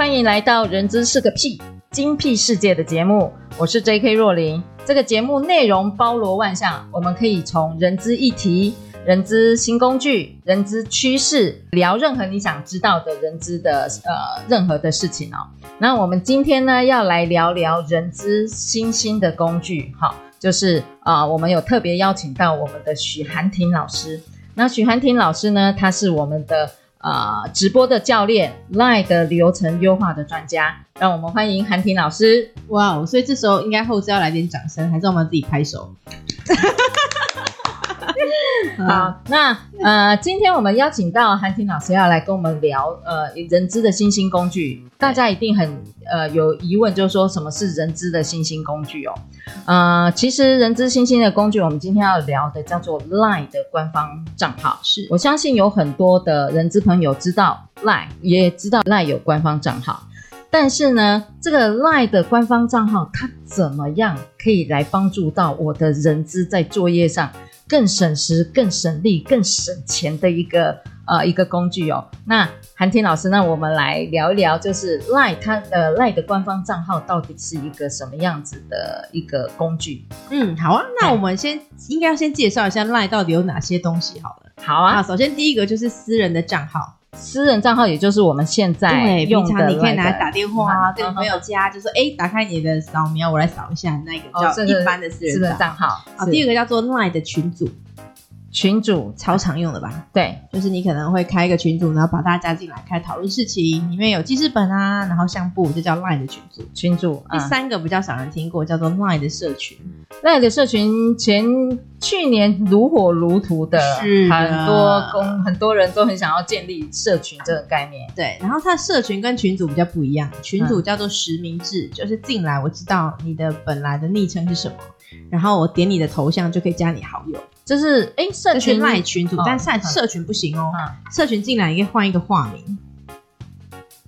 歡迎來到“人資是個闢，精闢世界”的節目，我是 J.K. 若琳。這個節目內容包羅萬象。我們可以從人資議題、人資新工具、人資趨勢，聊任何你想知道的人資的呃任何的事情哦。那我們今天呢要來聊聊人資新興的工具，好、哦、就是啊、呃，我們有特別邀請到我們的許涵婷老師。那許涵婷老師呢，她是我們的。啊、呃，直播的教練，line 的流程優化的專家，讓我們歡迎涵婷老師。哇哦，所以這時候應該後製要來點掌聲，還是我們自己拍手？ 好、好，那呃，今天我們邀請到涵婷老師要來跟我們聊呃人資的新興工具，大家一定很呃有疑問，就是說什麼是人資的新興工具哦？呃，其實人資新興的工具，我們今天要聊的叫做 Line 的官方賬號，是我相信有很多的人資朋友知道 Line，也知道 Line 有官方賬號，但是呢，這個 Line 的官方賬號它怎麼樣可以來幫助到我的人資在作業上？更省時、更省力、更省錢的一個呃一個工具哦。那涵婷老師，那我們來聊一聊，就是 LINE 呃 LINE 的官方賬號到底是一個什麼樣子的一個工具？嗯，好啊，那我們先應該要先介紹一下 LINE 到底有哪些東西好了。好啊，好首先第一個就是私人的賬號。私人賬號也就是我們現在用的、那個，平常你可以拿來打電話啊，跟朋友加，就說：‘哎、欸，打開你的掃描，我來掃一下那個，叫一般的私人賬號。哦，是是是是啊。好，第二個叫做 Line 的群組。群組超常用的吧，對，就是你可能會開一個群組，然後把大家加進來開討論事情，裡面有記事本啊，然後相簿，就叫 LINE 的群組。群組、嗯、第三個比較少人聽過，叫做 LINE 的社群。LINE 的社群前去年如火如荼的，是、啊、很多工很多人都很想要建立社群這個概念。嗯、對，然後它的社群跟群組比較不一樣，群組叫做實名制、嗯，就是進來我知道你的本來的昵稱是什麼，然後我點你的頭像就可以加你好友。就是哎，社群賴群主，哦，但社社群不行哦。嗯、社群進來應該換一個化名，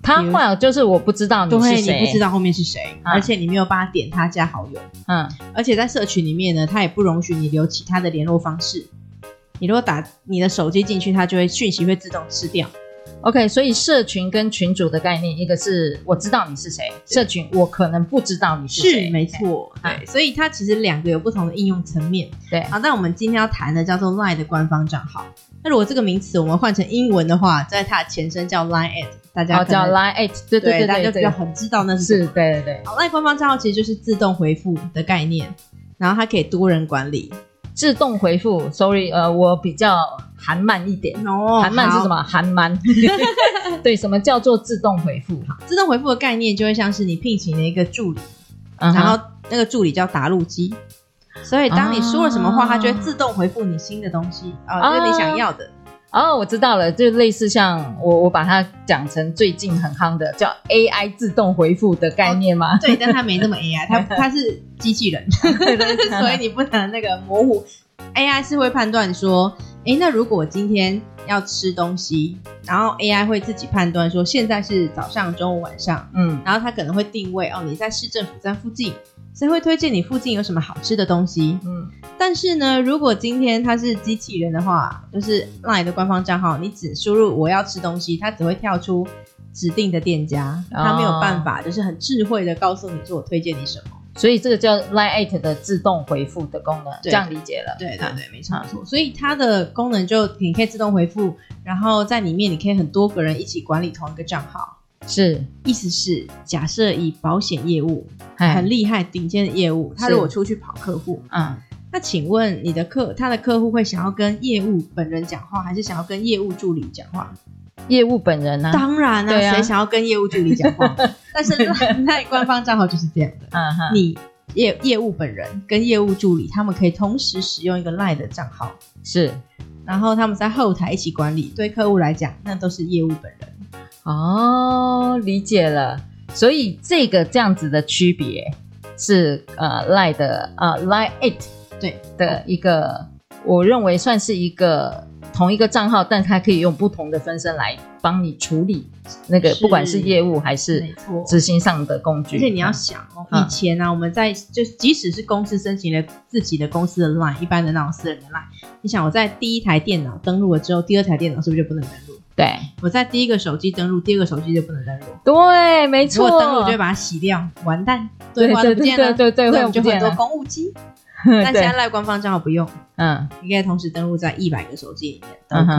他換了就是我不知道你是誰，對，你不知道後面是誰，啊、而且你沒有辦法點他加好友。嗯，而且在社群裡面呢，他也不容許你留其他的聯絡方式。你如果打你的手機進去，他就會訊息會自動吃掉。OK，所以社群跟群主的概念，一個是我知道你是誰，社群我可能不知道你是誰，是沒錯 okay、啊，對，所以它其實兩個有不同的應用層面，對好，那、啊、我們今天要談的叫做 Line 的官方賬號，那如果這個名詞我們換成英文的話，在它的前身叫 Line at，大家、哦、叫 Line at 對對對，對，對，大家就比較很知道那是對對對好。Line 官方賬號其實就是自動回復的概念，然後它可以多人管理。自動回復，sorry，呃，我比較憨慢一點。哦、no,，憨慢是什麼？憨慢， 對，什麼叫做自動回復？哈，自動回復的概念就會像是你聘請了一個助理，uh -huh. 然後那個助理叫答錄機，所以當你說了什麼話，它、uh -huh. 就會自動回復你新的東西，啊、oh,，就是你想要的。Uh -huh. 哦、oh,，我知道了，就類似像我我把它講成最近很夯的叫 AI 自動回復的概念嗎？Oh, 對，但它沒那麼 AI，它 它是機器人， 所以你不能那個模糊。AI 是會判斷說，誒，那如果今天要吃東西，然後 AI 會自己判斷說現在是早上、中午、晚上，嗯，然後它可能會定位哦，你在市政府站附近。誰會推薦你附近有什麼好吃的東西？嗯，但是呢，如果今天它是機器人的話，就是 LINE 的官方賬號，你只輸入我要吃東西，它只會跳出指定的店家，哦、它沒有辦法，就是很智慧的告訴你說我推薦你什麼。所以這個叫 LINE@ 的自動回覆的功能，這樣理解了？對，對，對，沒差錯，沒錯、嗯。所以它的功能就你可以自動回覆，然後在裡面你可以很多個人一起管理同一個賬號。是，意思是假設以保險業務很厲害、頂尖的業務，他如果出去跑客戶，嗯，那請問你的客他的客戶會想要跟業務本人講話，還是想要跟業務助理講話？業務本人呢、啊？當然啊，誰、啊、想要跟業務助理講話？ 但是 Line 官方賬號就是這樣的， 嗯哼、你業業務本人跟業務助理他們可以同時使用一個 Line 的賬號是，然後他們在後台一起管理，對客戶來講，那都是業務本人。哦，理解了，所以這個這樣子的區別是呃，LINE 的呃，LINE@ 對的一個、嗯，我認為算是一個。同一個賬號，但它可以用不同的分身來幫你處理那個，不管是業務還是執行上的工具。嗯、而且你要想哦，以前呢、啊嗯，我們在就即使是公司申請了自己的公司的 Line，一般的那種私人的 Line，你想我在第一台電腦登錄了之後，第二台電腦是不是就不能登錄？對，我在第一個手機登錄，第二個手機就不能登錄。對，沒錯。如果登錄我就會把它洗掉，完蛋，對對，對對對對對，對對對對會有很多公務機。但現在 Line 官方賬號不用，嗯，應該同時登錄在一百個手機裡面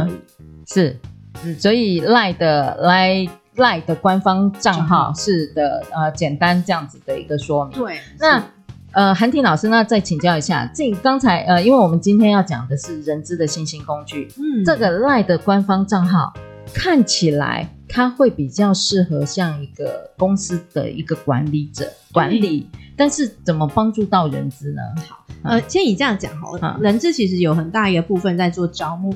都可以。嗯、是、嗯，所以 Line 的 Line Line 的官方賬號是的，呃，簡單這樣子的一個說明。對，那呃，涵婷老師那再請教一下，這剛才呃，因為我們今天要講的是人資的新興工具，嗯，這個 Line 的官方賬號看起來它會比較適合像一個公司的一個管理者管理。但是怎麼幫助到人資呢？好，呃，先以這樣講好了，人資其實有很大一個部分在做招募，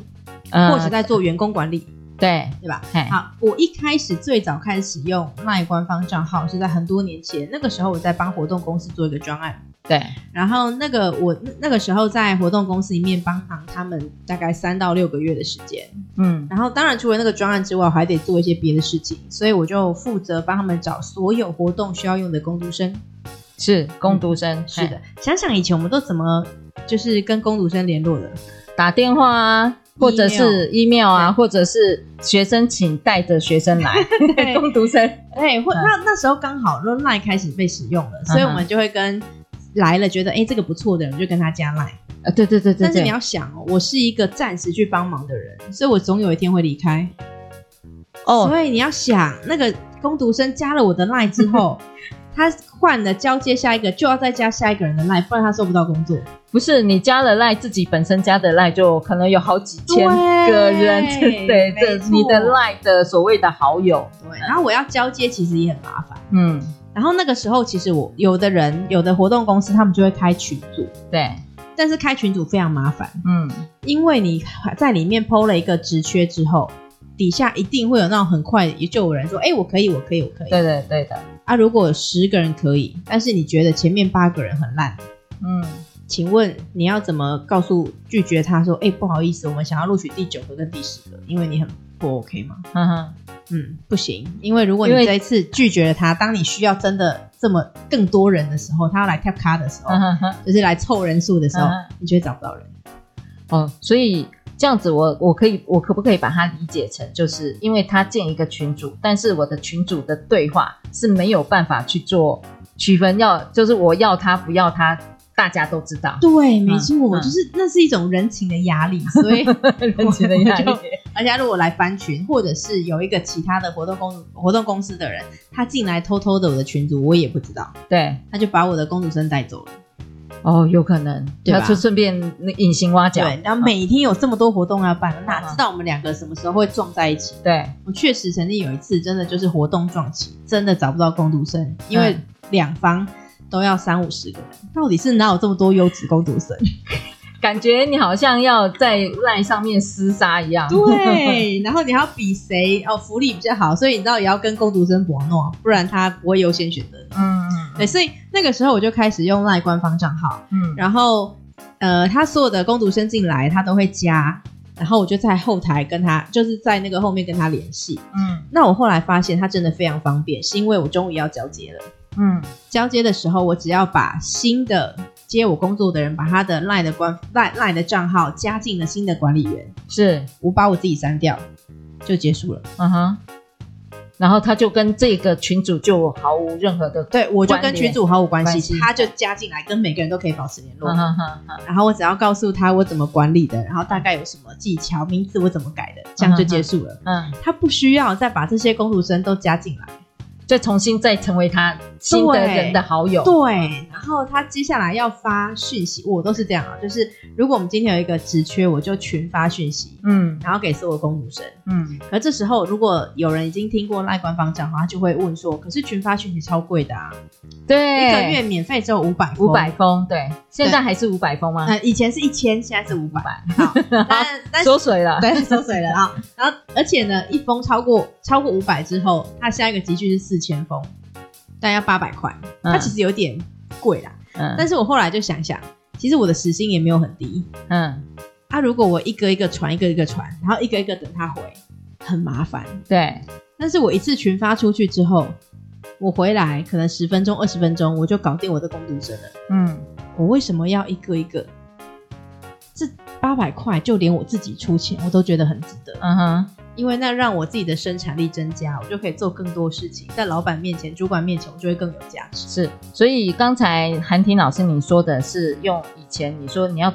嗯、或者在做員工管理，呃、對對吧？好、啊，我一開始最早開始使用 Line 官方賬號是在很多年前，那個時候我在幫活動公司做一個專案，對，然後那個我那個時候在活動公司裡面幫忙他們大概三到六個月的時間，嗯，然後當然除了那個專案之外，我還得做一些別的事情，所以我就負責幫他們找所有活動需要用的工讀生。是工讀生，嗯、是的。想想以前我們都怎麼就是跟工讀生聯絡的？打電話啊，或者是 email 啊，或者是學生請帶着學生來工 讀生。哎，那那時候剛好、R、Line 開始被使用了，所以我們就會跟、嗯、來了，覺得哎、欸、這個不錯的人就跟他加 Line 啊、呃。對對對，對，對，對。但是你要想哦，我是一個暫時去幫忙的人，所以我總有一天會離開。哦，所以你要想那個工讀生加了我的 Line 之後， 他。換了交接下一個就要再加下一個人的 line，不然他收不到工作。不是你加了賴，自己本身加的賴就可能有好幾千個人，對的，對這你的賴的所謂的好友。對，然後我要交接其實也很麻煩。嗯，然後那個時候其實我有的人有的活動公司他們就會開群組，對，但是開群組非常麻煩。嗯，因為你在裡面 po 了一個職缺之後，底下一定會有那種很快也就有人說，哎，我可以，我可以，我可以。對對對的。啊，如果十個人可以，但是你覺得前面八個人很爛，嗯，請問你要怎麼告訴拒絕他說，哎、欸，不好意思，我們想要錄取第九個跟第十個，因為你很不 OK 嗎？嗯，嗯，不行，因為如果你這一次拒絕了他，當你需要真的這麼更多人的時候，他要來 tap 卡的時候，嗯嗯、就是來湊人數的時候，嗯嗯、你就會找不到人。哦、嗯，所以。這樣子我，我我可以，我可不可以把它理解成，就是因為他建一個群組，但是我的群組的對話是沒有辦法去做區分要，要就是我要他不要他，大家都知道。對，沒錯、嗯嗯，就是那是一種人情的壓力，所以 人情的壓力。而且他如果來翻群，或者是有一個其他的活動公活動公司的人，他進來偷偷的我的群組，我也不知道，對，他就把我的工讀生帶走了。哦，有可能，他就順便那隱形挖角。對，然後每天有這麼多活動要辦，嗯、哪知道我們兩個什麼時候會撞在一起？對，我確實曾經有一次，真的就是活動撞期，真的找不到工讀生，因為兩方都要三五十個人，嗯、到底是哪有這麼多優質工讀生？ 感覺你好像要在賴上面厮殺一樣。對，然後你要比誰哦，福利比較好，所以你到底要跟工讀生搏諾，不然他不會優先選擇你。嗯。對，所以那個時候我就開始用 LINE 官方賬號，嗯，然後呃，他所有的工讀生進來，他都會加，然後我就在後台跟他，就是在那個後面跟他聯繫，嗯。那我後來發現他真的非常方便，是因為我終於要交接了，嗯。交接的時候，我只要把新的接我工作的人，把他的 LINE 的官 LINELINE 的賬號加進了新的管理員，是我把我自己刪掉，就結束了，嗯哼。然後他就跟這個群主就毫無任何的關，對我就跟群主毫無關係，關係，他就加進來跟每個人都可以保持聯絡，嗯嗯嗯。然後我只要告訴他我怎麼管理的，然後大概有什麼技巧，嗯、名字我怎麼改的，這樣就結束了。嗯，嗯，他不需要再把這些工讀生都加進來，再重新再成為他新的人的好友。對。對然後他接下來要發訊息，我、哦、都是這樣啊，就是如果我們今天有一個職缺，我就群發訊息，嗯，然後給所有公主生，嗯。可是這時候如果有人已經聽過賴官方講的話，就會問說：可是群發訊息超貴的啊？對，一個月免費只有五百，五百封對，對，現在還是五百封嗎、嗯？以前是一千，現在是五百，好，然後但縮水了，對，縮水了啊。然後而且呢，一封超過超過五百之後，他下一個級距是四千封，但要八百塊、嗯，他其實有點。貴啦，嗯，但是我後來就想想，其實我的時薪也沒有很低，嗯，啊，如果我一個一個傳，一個一個傳，然後一個一個等他回，很麻煩，對，但是我一次群發出去之後，我回來可能十分鐘、二十分鐘，我就搞定我的工讀生了，嗯，我為什麼要一個一個？這八百塊就連我自己出錢，我都覺得很值得，嗯哼。因為那讓我自己的生產力增加，我就可以做更多事情，在老闆面前、主管面前，我就會更有價值。是，所以剛才涵婷老師你說的是用以前你說你要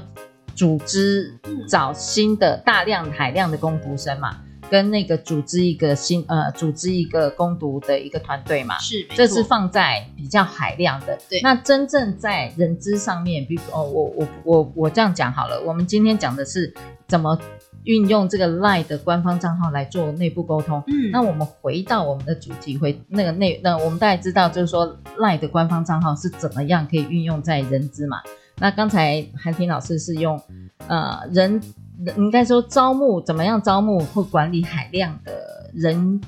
組織找新的大量海量的工讀生嘛，跟那個組織一個新呃組織一個工讀的一個團隊嘛，是，這是放在比較海量的。對，那真正在人資上面，比如我我我我我這樣講好了，我們今天講的是怎麼。運用這個 Line 的官方賬號來做內部溝通。嗯，那我們回到我們的主題，回那個內，那我們大家知道，就是說 Line 的官方賬號是怎麼樣可以運用在人資嘛？那剛才涵婷老師是用，呃，人，人應該說招募怎麼樣招募或管理海量的人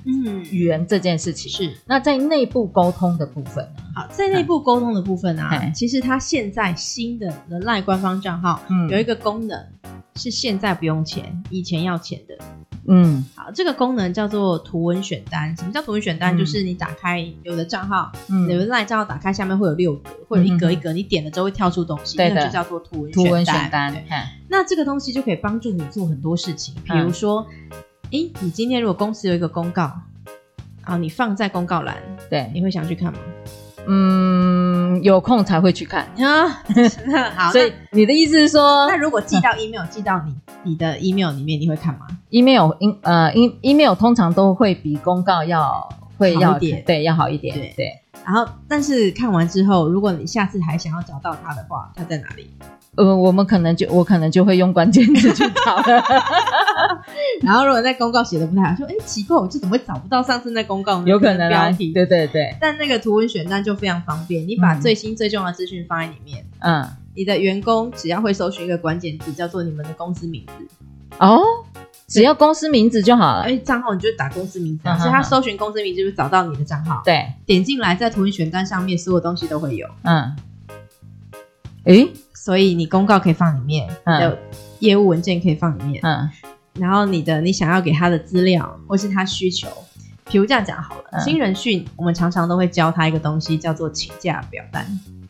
員這件事情、嗯、是。那在內部溝通的部分好，在內部溝通的部分呢部部分、啊嗯，其實它現在新的 Line 官方賬號有一個功能。嗯是現在不用錢，以前要錢的。嗯，好，這個功能叫做圖文選單。什麼叫圖文選單？嗯、就是你打開有的賬號，嗯、你有的賴賬號打開下面會有六格或者一格一格、嗯，你點了之後會跳出東西，對，那就叫做圖文選單，圖文選單、嗯。那這個東西就可以幫助你做很多事情，比如說，嗯、誒你今天如果公司有一個公告，啊，你放在公告欄，對，你會想去看嗎？嗯，有空才會去看。啊， 好，所以你的意思是說，那如果寄到 email，寄到你你的 email 裡面，你會看嗎？email，email、oh. uh, email 通常都會比公告要會要點，對，要好一點，對。對然後，但是看完之後，如果你下次還想要找到他的話，他在哪裡？呃，我們可能就我可能就會用關鍵字去找。 然後，如果那公告寫得不太好，說哎、欸、奇怪，我這怎麼會找不到上次那公告呢？有可能、啊、標題，對對對。但那個圖文選單就非常方便，你把最新最重要的資訊放在裡面。嗯，你的員工只要會搜尋一個關鍵字，叫做你們的公司名字哦。只要公司名字就好了，哎，賬號你就打公司名字，嗯、哼哼，所以他搜尋公司名字就是找到你的賬號。對，點進來，在圖文選單上面，所有東西都會有。嗯，哎、欸，所以你公告可以放裡面，有、嗯、業務文件可以放裡面。嗯，然後你的你想要給他的資料，或是他需求，譬如,這樣講好了，嗯、新人訓我們常常都會教他一個東西，叫做請假表單。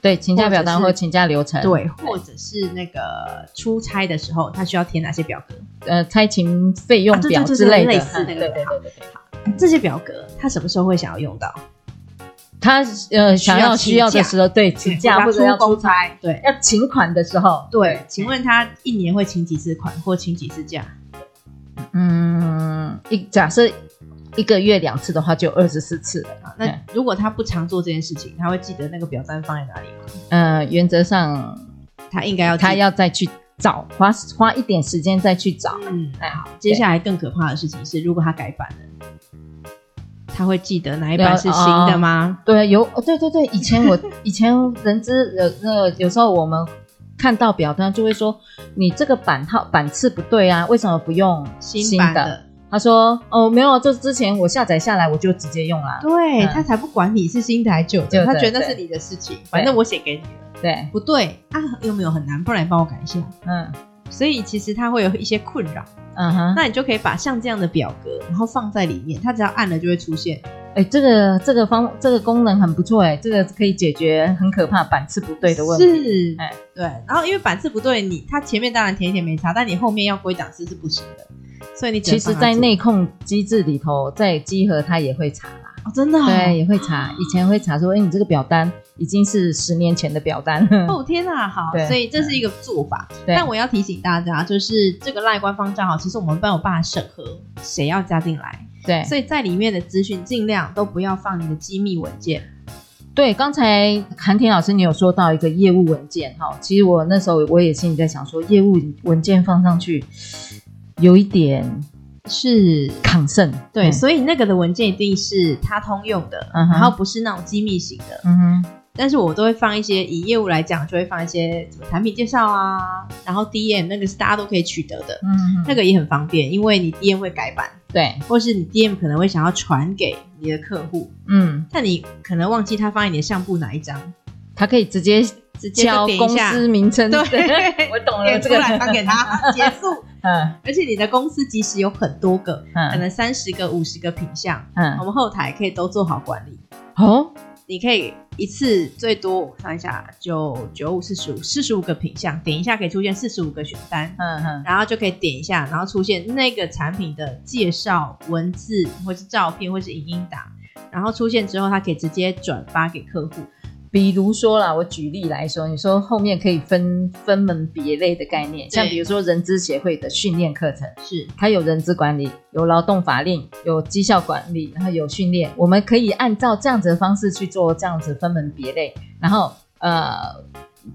對，請假表單或請假流程，對，或者是那個出差的時候，他需要填哪些表格？呃，差勤費用表之類的，啊、對，對對對對。啊，對對對對，好。嗯、這些表格他什麼時候會想要用到？他呃，想要需要的時候，對，請假，對，或者他或者要出差，對，要請款的時候，對。請問他一年會請幾次款或請幾次假？嗯，一假設。一個月兩次的話，就二十四次了啊、嗯。那如果他不常做這件事情，他會記得那個表單放在哪裡嗎？嗯，原則上他應該要，他要再去找，花花一點時間再去找。嗯，那、嗯、好。接下來更可怕的事情是，如果他改版了，他會記得哪一版是新的嗎？哦、對，有，對對對，以前我 以前人資，有那個有時候我們看到表單就會說，你這個版號版次不對啊，為什麼不用新的？新版的他說：“哦，沒有，就之前我下載下來，我就直接用啦。對、嗯、他才不管你是新的還是舊的，他覺得那是你的事情，反正我寫給你了，對不對？啊，有沒有很難，不然你幫我改一下？嗯，所以其實他會有一些困擾，嗯哼。那你就可以把像這樣的表格，然後放在裡面，他只要按了就會出現。”哎，這個這個方這個功能很不錯哎，這個可以解決很可怕版次不對的問題。是哎、欸，對。然後因為版次不對，你它前面當然填填沒查，但你後面要歸檔時是不行的。所以你其實，在內控機制裡頭，在稽核它也會查啦。哦，真的、哦。對，也會查，以前會查說，哎，你這個表單已經是十年前的表單。哦天哪，好。所以這是一個做法對。對。但我要提醒大家，就是這個賴官方賬號，其實我們沒有辦法審核，誰要加進來？對，所以在裡面的資訊盡量都不要放你的機密文件。對，剛才涵婷老師，你有說到一個業務文件，哈，其實我那時候我也心裡在想，說業務文件放上去，有一點是抗滲。對，所以那個的文件一定是它通用的，然後不是那種機密型的嗯。嗯哼。但是我都會放一些以業務來講，就會放一些什麼產品介紹啊，然後 DM 那個是大家都可以取得的，嗯哼，那個也很方便，因為你 DM 會改版。對，或是你 DM 可能會想要傳給你的客戶，嗯，但你可能忘記他發你的相簿哪一張，他可以直接直接點一下公司名稱，對，對我懂了，可以這個來發給他 結束，嗯，而且你的公司即使有很多個，可能三十個、五十個品項，嗯，我們後、後台可以都做好管理，哦，你可以。一次最多，我看一下，就九五四十五，四十五個品項，點一下可以出現四十五個選單，嗯嗯，然後就可以點一下，然後出現那個產品的介紹文字，或是照片，或是影音檔，然後出現之後，他可以直接轉發給客戶。比如說啦，我舉例來說，你說後面可以分分門別類的概念，像比如說人資協會的訓練課程是，它有人資管理，有勞動法令，有績效管理，然後有訓練，我們可以按照這樣子的方式去做，這樣子分門別類，然後呃。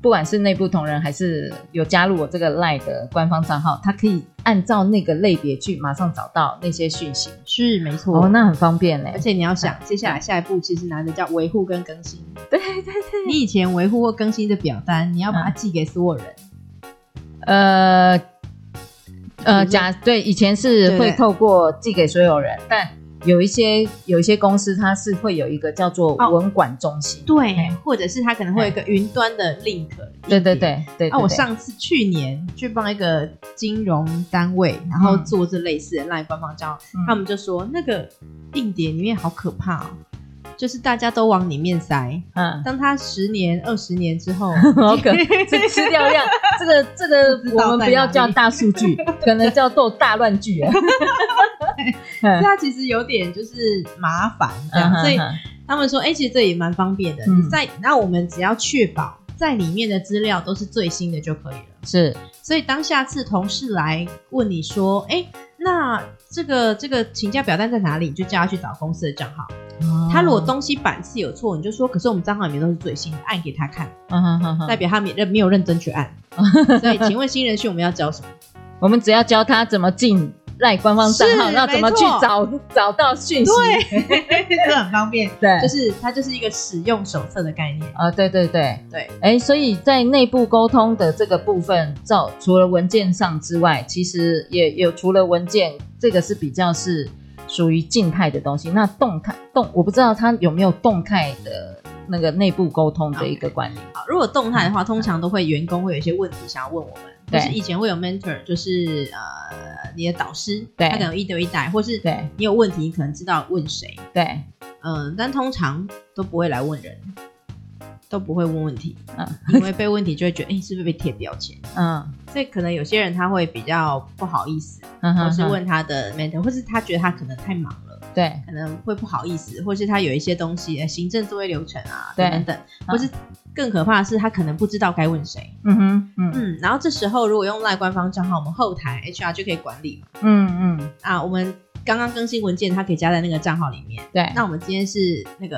不管是內部同仁，還是有加入我這個 Line 的官方賬號，他可以按照那個類別去馬上找到那些訊息。是沒錯，哦，那很方便嘞。而且你要想，接下來下一步其實難的叫維護跟更新、嗯。對對對。你以前維護或更新的表單，你要把它寄給所有人。嗯、呃，呃，假對，以前是會透過寄給所有人，對對對但。有一些有一些公司，它是會有一個叫做文管中心，哦、對、嗯，或者是它可能會有一個雲端的 link 對。對對對、啊、對，對。我上次去年去幫一個金融單位、嗯，然後做這類似的 LINE 官方帳號、嗯、他們就說，那個硬碟，裡面好可怕哦，就是大家都往裡面塞，嗯，當他十年、二十年之後，好可這 吃，吃掉量， 這個這個我們不要叫大數據， 可能叫做大亂據 對，其實有點就是麻煩，這樣、嗯哼哼，所以他們說，哎、欸，其實這也蠻方便的，嗯、你在那我們只要確保在裡面的資料都是最新的就可以了。是，所以當下次同事來問你說，哎、欸，那這個這個請假表單在哪裡？你就叫他去找公司的賬號、嗯。他如果東西版次有錯，你就說，可是我們賬號裡面都是最新的，按給他看，嗯、哼哼哼，代表他沒認沒有認真去按。所以，請問新人訓我們要教什麼？ 我們只要教他怎麼進。Line 官方賬號那怎麼去找找，找到訊息？對， 這很方便。對，就是它就是一個使用手冊的概念啊、呃。對對對對，哎、欸，所以在內部溝通的這個部分，照除了文件上之外，其實也有除了文件，這個是比較是屬於靜態的東西。那動態動，我不知道它有沒有動態的那個內部溝通的一個管理、okay。如果動態的話、嗯，通常都會員工會有一些問題想要問我們。就是以前會有 mentor，就是呃你的導師，對，他可能一對一帶，或是你有問題，你可能知道問誰。對，嗯、呃，但通常都不會來問人，都不會問問題，嗯、 因為被問題就會覺得，哎、欸，是不是被貼標籤？嗯，所以可能有些人他會比較不好意思，嗯、哼哼或是問他的 mentor，或是他覺得他可能太忙了。對，可能會不好意思，或是他有一些東西，欸、行政作業流程啊，等等，嗯、或是更可怕的是，他可能不知道該問誰。嗯哼，嗯嗯。然後這時候，如果用 Line 官方賬號，我們後台 HR 就可以管理。嗯嗯。啊，我們剛剛更新文件，他可以加在那個賬號裡面。對。那我們今天是那個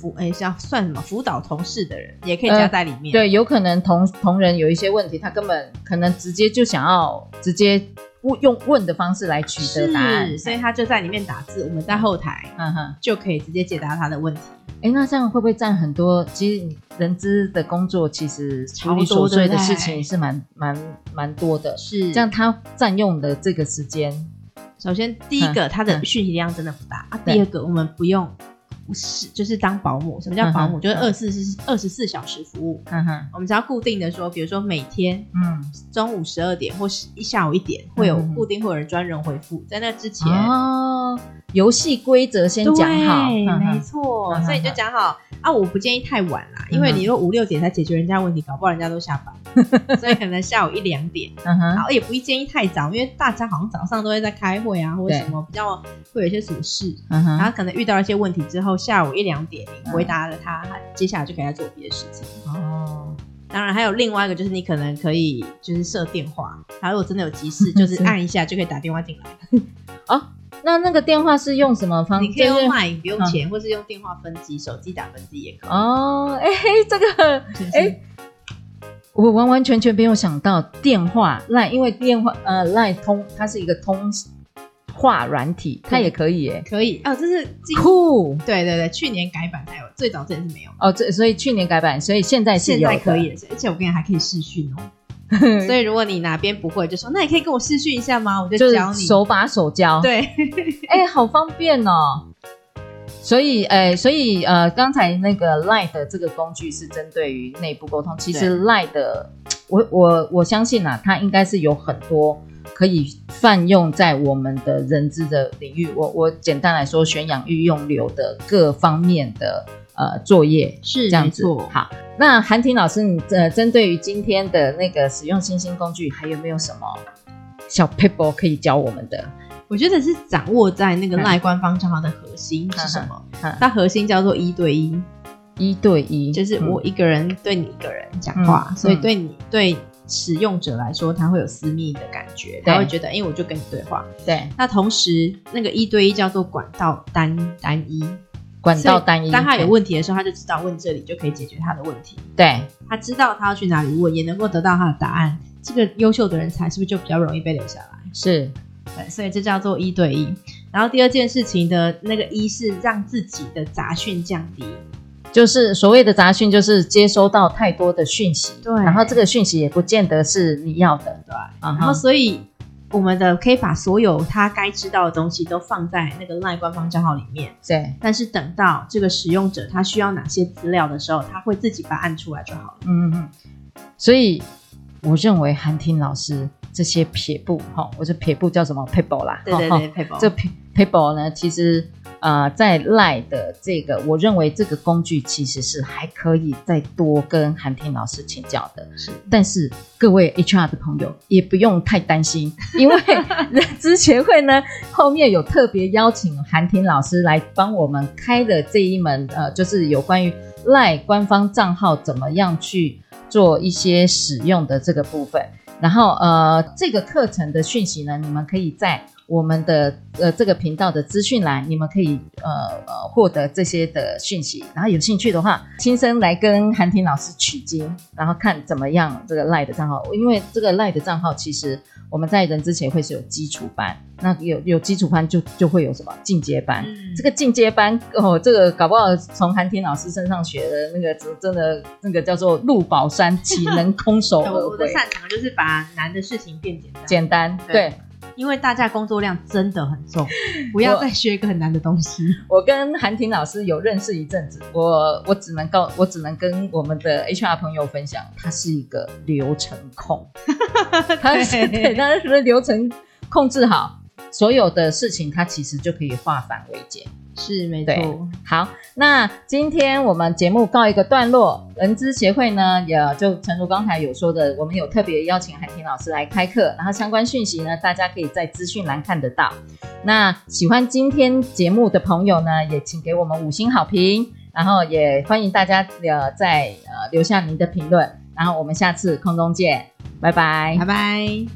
輔，哎，是、欸、要算什麼輔導同事的人，也可以加在裡面。呃、對，有可能同同仁有一些問題，他根本可能直接就想要直接。用問的方式來取得答案，是所以他就在裡面打字，嗯，我們在後台，嗯哼，就可以直接解答他的問題。哎、欸，那這樣會不會占很多？其實人資的工作其實處理瑣碎的事情是蠻蠻蠻多的，是這樣，他占用的這個時間，首先第一個、嗯、他的訊息量真的不大、嗯啊、第二個我們不用。不是就是當保姆。什麼叫保姆？就是二十四小時服務。嗯我們只要固定的說，比如說每天，嗯，中午十二點或是一下午一點，嗯，會有固定嗯嗯會有人專人回覆，在那之前。哦遊戲規則先講好，呵呵沒錯，所以你就講好呵呵啊！我不建議太晚啦，因為你說五六點才解決人家問題，嗯、搞不好人家都下班， 所以可能下午一兩點、嗯。然後也不建議太早，因為大家好像早上都會在開會啊，或什麼比較會有一些瑣事、嗯。然後可能遇到一些問題之後，下午一兩點你回答了他、嗯，接下來就可以做別的事情。哦，當然還有另外一個就是，你可能可以就是設電話，他如果真的有急事， 就是按一下就可以打電話進來。 哦那那個電話是用什麼方？你可以用買、就是，不用錢、嗯，或是用電話分機，手機打分機也可以。哦，哎、欸，這個，哎、欸，我完完全全沒有想到電話賴，Line, 因為電話呃 e 通，它是一個通話軟體，它也可以耶、欸。可以哦，這是酷。對對對，去年改版才有，最早之前是沒有。哦，這所以去年改版，所以現在是的現在可以，而且我跟你還可以試訊。 所以，如果你哪邊不會，就說那你可以跟我視訊一下嗎？我就教你就手把手教。對，哎、 欸，好方便哦。所以，哎、欸，所以，呃，剛才那個 LINE 的這個工具是針對於內部溝通。其實 LINE 我我我相信啊，它應該是有很多可以泛用在我們的人資的領域。我我簡單來說，選養育用流的各方面的。呃，作業是這樣子。好，那涵婷老師，你這、呃、針對於今天的那個使用新興工具，還有沒有什麼小撇步可以教我們的？我覺得是掌握在那個 LINE、嗯、官方賬號的核心、嗯、是什麼、嗯？它核心叫做一對一，一對一就是我一個人、嗯、對你一個人講話，嗯、所以對你對使用者來說，他會有私密的感覺，他、嗯、會覺得，哎，我就跟你對話。對，那同時那個一對一叫做管道單單一。管道單一，當他有問題的時候，他就知道問這裡就可以解決他的問題。對，他知道他要去哪裡問，也能夠得到他的答案。這個優秀的人才是不是就比較容易被留下來？是，對，所以這叫做一對一。然後第二件事情的那個一是讓自己的雜訊降低，就是所謂的雜訊，就是接收到太多的訊息。對，然後這個訊息也不見得是你要的，對、嗯、然後所以。我們的可以把所有他該知道的東西都放在那個 Line 官方賬號裡面。對，但是等到這個使用者他需要哪些資料的時候，他會自己把按出來就好了。嗯嗯嗯。所以我認為韓婷老師這些撇步哈、哦，我這撇步叫什麼？撇包啦。對對對，哦、撇步這個、撇。p a y l 呢，其實呃，在 Line 的這個，我認為這個工具其實是還可以再多跟涵婷老師請教的。是的，但是各位 HR 的朋友也不用太擔心，因為人資協會呢， 後面有特別邀請涵婷老師來幫我們開的這一門呃，就是有關於 Line 官方賬號怎麼樣去做一些使用的這個部分。然後呃，這個課程的訊息呢，你們可以在。我們的呃這個頻道的資訊欄，你們可以呃呃獲得這些的訊息，然後有興趣的話，親身來跟涵婷老師取經，然後看怎麼樣這個 Line 的賬號，因為這個 Line 的賬號其實我們在人之前會是有基礎班，那有有基礎班就就會有什麼進階班、嗯，這個進階班哦，這個搞不好從涵婷老師身上學的那個真的那個叫做入寶山豈能空手而回、 嗯、我的擅長就是把難的事情變簡單，簡單對。對因為大家工作量真的很重，不要再學一個很難的東西。我，我跟涵婷老師有認識一陣子，我我只能告，我只能跟我們的 HR 朋友分享，他是一個流程控，他 是對，他不是，是流程控制好。所有的事情，它其實就可以化繁為簡，是沒錯，啊。好，那今天我們節目告一個段落。人資協會呢，也就誠如剛才有說的，我們有特別邀請涵婷老師來開課，然後相關訊息呢，大家可以在資訊欄看得到。那喜歡今天節目的朋友呢，也請給我們五星好評，然後也歡迎大家在呃在呃留下您的評論，然後我們下次空中見，拜拜，拜拜。